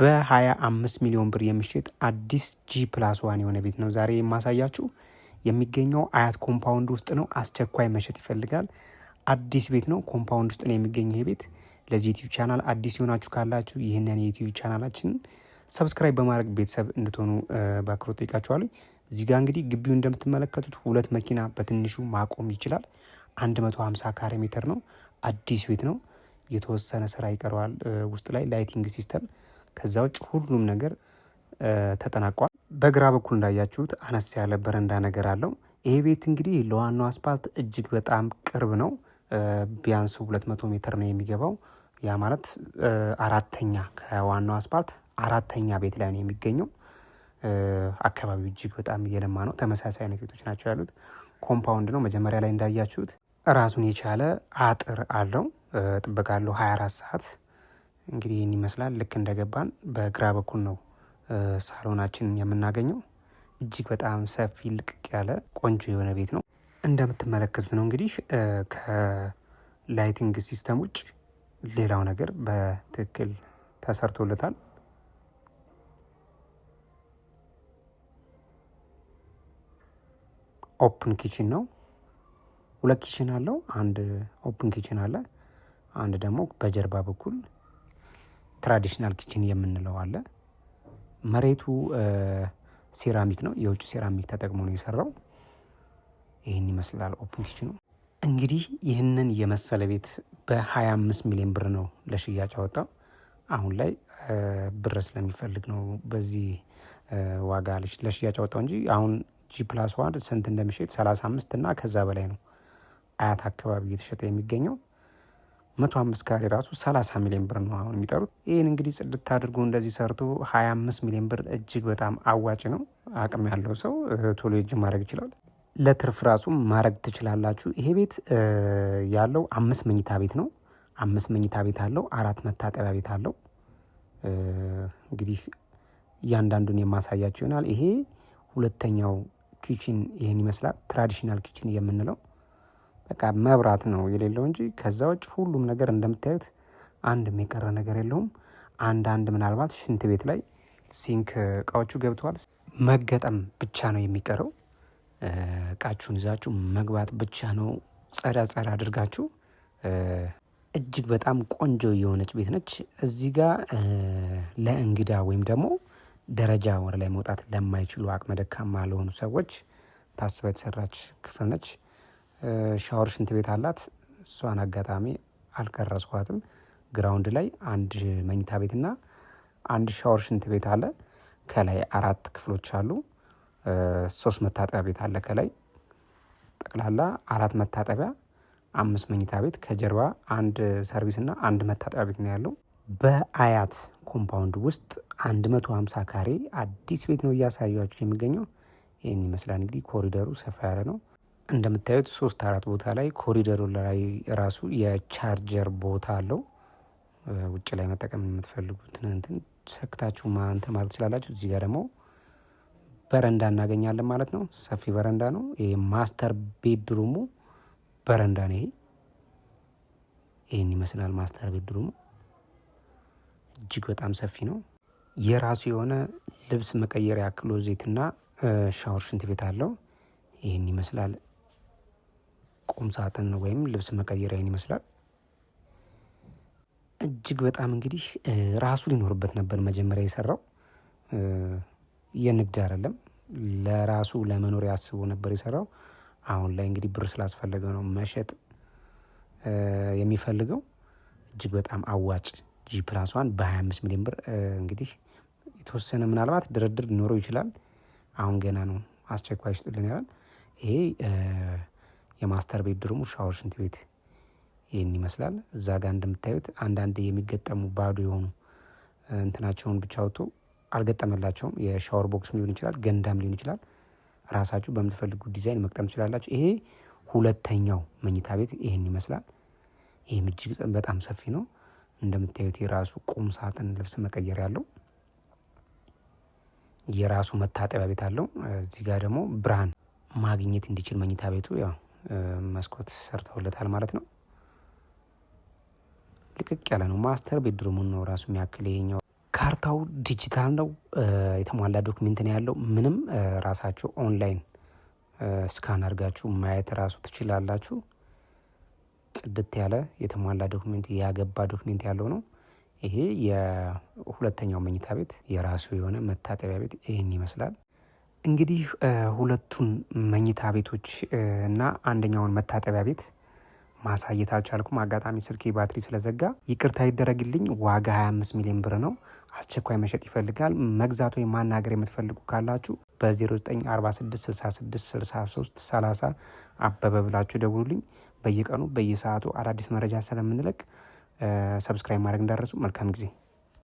በ25 ሚሊዮን ብር የሚሸጥ አዲስ ጂ ፕላስ ዋን የሆነ ቤት ነው ዛሬ የማሳያችሁ። የሚገኘው አያት ኮምፓውንድ ውስጥ ነው። አስቸኳይ መሸጥ ይፈልጋል። አዲስ ቤት ነው። ኮምፓውንድ ውስጥ ነው የሚገኘው ይህ ቤት። ለዚህ ዩቲዩብ ቻናል አዲስ የሆናችሁ ካላችሁ ይህንን የዩቲዩብ ቻናላችንን ሰብስክራይብ በማድረግ ቤተሰብ እንድትሆኑ በአክብሮት ጠይቃችኋለሁ። እዚህ ጋር እንግዲህ ግቢው እንደምትመለከቱት ሁለት መኪና በትንሹ ማቆም ይችላል። 150 ካሬ ሜትር ነው። አዲስ ቤት ነው። የተወሰነ ስራ ይቀረዋል። ውስጥ ላይ ላይቲንግ ሲስተም ከዛ ውጭ ሁሉም ነገር ተጠናቋል። በግራ በኩል እንዳያችሁት አነስ ያለ በረንዳ ነገር አለው። ይሄ ቤት እንግዲህ ለዋናው አስፓልት እጅግ በጣም ቅርብ ነው። ቢያንስ 200 ሜትር ነው የሚገባው። ያ ማለት አራተኛ ከዋናው አስፓልት አራተኛ ቤት ላይ ነው የሚገኘው። አካባቢው እጅግ በጣም እየለማ ነው። ተመሳሳይ አይነት ቤቶች ናቸው ያሉት። ኮምፓውንድ ነው። መጀመሪያ ላይ እንዳያችሁት ራሱን የቻለ አጥር አለው። ጥበቃ አለው 24 ሰዓት እንግዲህ ይህን ይመስላል። ልክ እንደገባን በግራ በኩል ነው ሳሎናችን የምናገኘው። እጅግ በጣም ሰፊ ልቅቅ ያለ ቆንጆ የሆነ ቤት ነው። እንደምትመለከቱት ነው እንግዲህ ከላይቲንግ ሲስተም ውጭ ሌላው ነገር በትክክል ተሰርቶለታል። ኦፕን ኪችን ነው። ሁለት ኪችን አለው። አንድ ኦፕን ኪችን አለ። አንድ ደግሞ በጀርባ በኩል ትራዲሽናል ኪችን የምንለው አለ። መሬቱ ሴራሚክ ነው። የውጭ ሴራሚክ ተጠቅሞ ነው የሰራው። ይህን ይመስላል ኦፕን ኪችኑ። እንግዲህ ይህንን የመሰለ ቤት በ25 ሚሊዮን ብር ነው ለሽያጭ አወጣው። አሁን ላይ ብር ስለሚፈልግ ነው በዚህ ዋጋ ለሽያጭ አወጣው እንጂ አሁን ጂ ፕላስ ዋን ስንት እንደሚሸጥ 35 እና ከዛ በላይ ነው አያት አካባቢ እየተሸጠ የሚገኘው። መቶ አምስት ካሬ ራሱ 30 ሚሊዮን ብር ነው አሁን የሚጠሩት። ይህን እንግዲህ ጽድት አድርጎ እንደዚህ ሰርቶ 25 ሚሊዮን ብር እጅግ በጣም አዋጭ ነው። አቅም ያለው ሰው ቶሎ እጅ ማድረግ ይችላል። ለትርፍ ራሱ ማድረግ ትችላላችሁ። ይሄ ቤት ያለው አምስት መኝታ ቤት ነው። አምስት መኝታ ቤት አለው። አራት መታጠቢያ ቤት አለው። እንግዲህ እያንዳንዱን የማሳያችሁ ይሆናል። ይሄ ሁለተኛው ኪችን ይህን ይመስላል። ትራዲሽናል ኪችን የምንለው በቃ መብራት ነው የሌለው እንጂ ከዛ ውጭ ሁሉም ነገር እንደምታዩት አንድም የቀረ ነገር የለውም። አንዳንድ ምናልባት ሽንት ቤት ላይ ሲንክ እቃዎቹ ገብተዋል። መገጠም ብቻ ነው የሚቀረው። እቃችሁን ይዛችሁ መግባት ብቻ ነው። ጸዳ ጸዳ አድርጋችሁ እጅግ በጣም ቆንጆ የሆነች ቤት ነች። እዚህ ጋር ለእንግዳ ወይም ደግሞ ደረጃ ወደ ላይ መውጣት ለማይችሉ አቅመ ደካማ ለሆኑ ሰዎች ታስባ የተሰራች ክፍል ነች። ሻወር ሽንት ቤት አላት። እሷን አጋጣሚ አልቀረጽኳትም። ግራውንድ ላይ አንድ መኝታ ቤትና አንድ ሻወር ሽንት ቤት አለ። ከላይ አራት ክፍሎች አሉ። ሶስት መታጠቢያ ቤት አለ ከላይ ጠቅላላ አራት መታጠቢያ፣ አምስት መኝታ ቤት ከጀርባ አንድ ሰርቪስ አንድ መታጠቢያ ቤት ነው ያለው። በአያት ኮምፓውንድ ውስጥ 150 ካሬ አዲስ ቤት ነው እያሳያችሁ የሚገኘው። ይህን ይመስላል እንግዲህ ኮሪደሩ ሰፋ ያለ ነው። እንደምታዩት ሶስት አራት ቦታ ላይ ኮሪደሩ ላይ ራሱ የቻርጀር ቦታ አለው። ውጭ ላይ መጠቀም የምትፈልጉትን እንትን ሰክታችሁ ማንተ ማለት ትችላላችሁ። እዚህ ጋር ደግሞ በረንዳ እናገኛለን ማለት ነው። ሰፊ በረንዳ ነው። ይሄ ማስተር ቤድሩሙ በረንዳ ነው። ይሄ ይህን ይመስላል ማስተር ቤድሩሙ። እጅግ በጣም ሰፊ ነው። የራሱ የሆነ ልብስ መቀየሪያ ዜትና ሻወር ሽንት ቤት አለው። ይህን ይመስላል። ቁም ሳጥን ወይም ልብስ መቀየሪያን ይመስላል። እጅግ በጣም እንግዲህ ራሱ ሊኖርበት ነበር መጀመሪያ የሰራው። የንግድ አይደለም ለራሱ ለመኖሪያ አስቦ ነበር የሰራው። አሁን ላይ እንግዲህ ብር ስላስፈለገው ነው መሸጥ የሚፈልገው። እጅግ በጣም አዋጭ ጂ ፕላስ በ25 ሚሊዮን ብር እንግዲህ የተወሰነ ምናልባት ድርድር ሊኖረው ይችላል። አሁን ገና ነው አስቸኳይ ይስጥልን ያለን ይሄ የማስተር ቤድሩሙ ሻወር፣ ሽንት ቤት ይህን ይመስላል። እዛ ጋር እንደምታዩት አንዳንድ የሚገጠሙ ባዶ የሆኑ እንትናቸውን ብቻ አውጥቶ አልገጠመላቸውም። የሻወር ቦክስ ሊሆን ይችላል፣ ገንዳም ሊሆን ይችላል። ራሳችሁ በምትፈልጉ ዲዛይን መቅጠም ትችላላችሁ። ይሄ ሁለተኛው መኝታ ቤት ይህን ይመስላል። ይህም እጅግ በጣም ሰፊ ነው። እንደምታዩት የራሱ ቁም ሳጥን ልብስ መቀየር ያለው የራሱ መታጠቢያ ቤት አለው። እዚህ ጋር ደግሞ ብርሃን ማግኘት እንዲችል መኝታ ቤቱ ያው መስኮት ሰርተውለታል ማለት ነው። ልቅቅ ያለ ነው። ማስተር ቤድሩሙን ነው ራሱ የሚያክል ይሄኛው። ካርታው ዲጂታል ነው። የተሟላ ዶክሜንት ነው ያለው። ምንም ራሳችሁ ኦንላይን ስካን አድርጋችሁ ማየት ራሱ ትችላላችሁ። ጽድት ያለ የተሟላ ዶክሜንት ያገባ ዶክሜንት ያለው ነው። ይሄ የሁለተኛው መኝታ ቤት የራሱ የሆነ መታጠቢያ ቤት ይህን ይመስላል። እንግዲህ ሁለቱን መኝታ ቤቶች እና አንደኛውን መታጠቢያ ቤት ማሳየት አልቻልኩም። አጋጣሚ ስልኬ ባትሪ ስለዘጋ ይቅርታ ይደረግልኝ። ዋጋ 25 ሚሊዮን ብር ነው። አስቸኳይ መሸጥ ይፈልጋል። መግዛት ወይም ማናገር የምትፈልጉ ካላችሁ በ0946666330 አበበ ብላችሁ ደውሉልኝ። በየቀኑ በየሰዓቱ አዳዲስ መረጃ ስለምንለቅ ሰብስክራይብ ማድረግ እንዳረሱ። መልካም ጊዜ